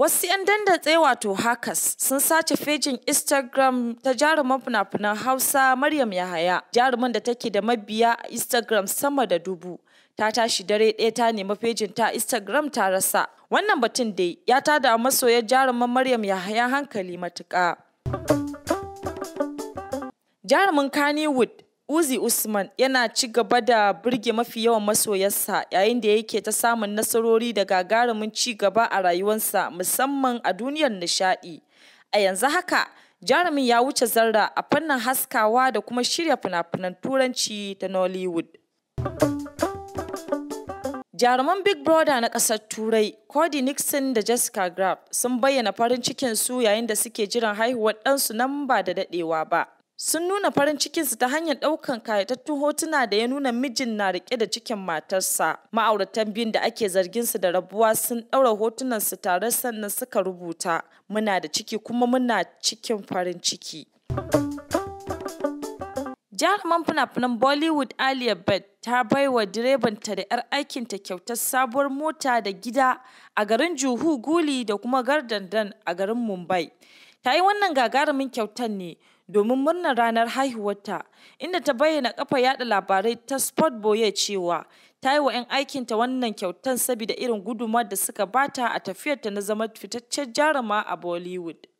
Wasu 'yan dandatse wato hackers sun sace fejin Instagram ta jaruman fina-finan Hausa Maryam Yahaya, jarumin da take da mabiya a Instagram sama da dubu. Ta tashi dare ɗaya ta nemi fejin ta Instagram ta rasa. Wannan batun dai ya tada masoyar jaruman Maryam Yahaya hankali matuka. Jarumin Kannywood Uzi Usman yana ci gaba da burge mafi yawan masoyarsa yayin da yake ta samun nasarori da gagarumin ci gaba a rayuwarsa musamman a duniyar nishaɗi. A yanzu haka, jarumin ya wuce zarra a fannin haskawa da kuma shirya fina-finan turanci ta Nollywood. Jaruman Big Brother na ƙasar Turai, Cody Nixon da Jessica Graf sun bayyana farin cikinsu yayin da suke jiran haihuwar ɗansu nan ba da daɗewa ba. sun nuna farin cikinsu ta hanyar ɗaukan kayatattun hotuna da ya nuna mijin na rike da cikin matarsa ma'auratan biyun da ake zargin su da rabuwa sun ɗaura hotunan su tare sannan suka rubuta muna da ciki kuma muna cikin farin ciki jaruman fina-finan bollywood alia bird ta bai wa direbanta da 'yar aikinta kyautar sabuwar mota da gida a garin juhu guli da kuma gardandan a garin mumbai ta yi wannan gagarumin kyautar ne domin murnar ranar haihuwarta inda ta bayyana kafa yada labarai ta sport boye cewa ta yi wa 'yan aikinta wannan kyautan saboda irin gudumar da suka bata a tafiyarta na zama fitaccen jaruma a bollywood